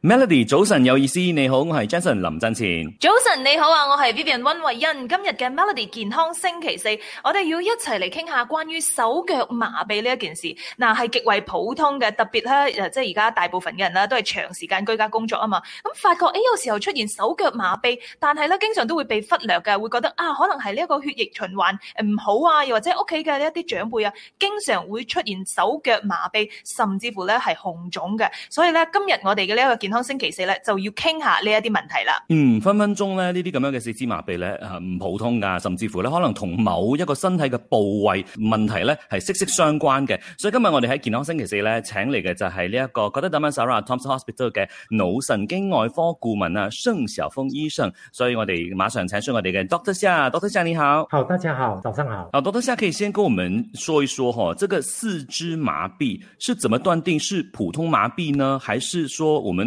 Melody，早晨有意思，你好，我係 Jason 林振前。早晨你好啊，我係 Vivian 溫慧欣。今日嘅 Melody 健康星期四，我哋要一齊嚟傾下關於手腳麻痹呢一件事。嗱、啊，係極為普通嘅，特別咧、啊，即係而家大部分嘅人咧，都係長時間居家工作啊嘛。咁發覺誒、哎，有時候出現手腳麻痹，但係咧，經常都會被忽略嘅，會覺得啊，可能係呢一個血液循環唔好啊，又或者屋企嘅呢一啲長輩啊，經常會出現手腳麻痹，甚至乎咧係紅腫嘅。所以咧，今日我哋嘅呢一個健康星期四咧就要傾下呢一啲問題啦。嗯，分分鐘咧呢啲咁樣嘅四肢麻痹咧係唔普通噶，甚至乎咧可能同某一個身體嘅部位問題咧係息息相關嘅。所以今日我哋喺健康星期四咧請嚟嘅就係呢一個格特 h 曼 s p i t a l 嘅腦神經外科顧問啊盛小峰醫生。所以我哋馬上請出我哋嘅 doctor d o c t o r 你好。好，大家好，早上好。d o c t o r 可以先跟我們說一說，吼這個四肢麻痹是怎麼斷定是普通麻痹呢？還是說我們？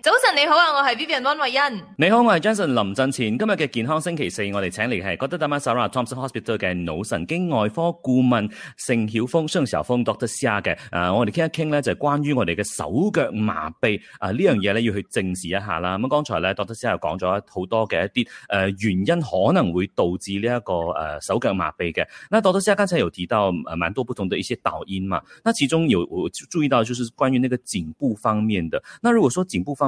早晨你好啊，我係 Vivian 溫慧欣。你好，我係 Johnson 林振前。今日嘅健康星期四，我哋請嚟係 g o d d a m a Sarah Thompson Hospital 嘅腦神經外科顧問盛曉峰，盛曉峰 Doctor Sir 嘅。啊、呃，我哋傾一傾咧，就是、關於我哋嘅手腳麻痹啊、呃、呢樣嘢咧，要去正視一下啦。咁剛才咧，Doctor Sir 又講咗好多嘅一啲誒原因，可能會導致呢、這、一個誒、呃、手腳麻痹嘅。那 Doctor Sir 剛才有提到誒，蠻多不同的一些導因嘛。那始終有注意到，就是關於那個頸部方面的。那如果說頸部方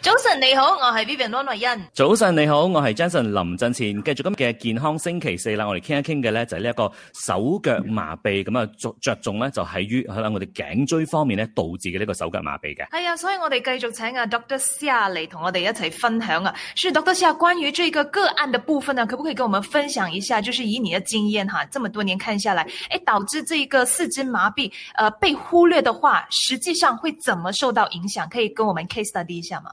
早晨你好，我是 Vivian Wan 惠恩。早晨你好，我是 Jason 林振前。繼續今日嘅健康星期四啦，我哋傾一傾嘅咧就係呢一個手腳麻痹咁啊，樣著着重咧就係於可能我哋頸椎方面咧導致嘅呢個手腳麻痹嘅。係啊，所以我哋繼續請啊 Dr. C 啊嚟同我哋一齊分享啊。是 Dr. C 啊，關於這個個案的部分呢、啊，可不可以跟我們分享一下？就是以你的經驗哈、啊，這麼多年看下來，誒、欸，導致這個四肢麻痹，誒、呃，被忽略的話，實際上會怎麼受到影響？可以跟我們 case study 一下嗎？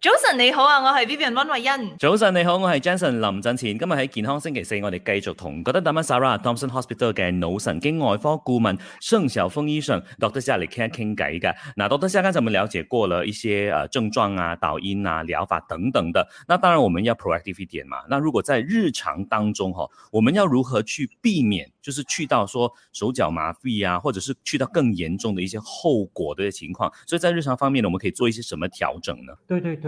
早晨你好啊，我係 Vivian 温慧欣。早晨你好，我係 Jenson 林振前。今日喺健康星期四，我哋繼續同葛德特恩 Sarah Thomson Hospital 嘅腦神經外科顧問盛小峰醫生 Doctor Shirley 傾傾偈嘅。嗱，Doctor s h r l 剛才我們了解過了一些症狀啊、導音啊、療法等等的。那當然我們要 p r o a c t i v e 一 y 點嘛。那如果在日常當中，我們要如何去避免，就是去到說手腳麻痹啊，或者是去到更嚴重的一些後果嘅情況。所以在日常方面呢，我們可以做一些什麼調整呢？對對對。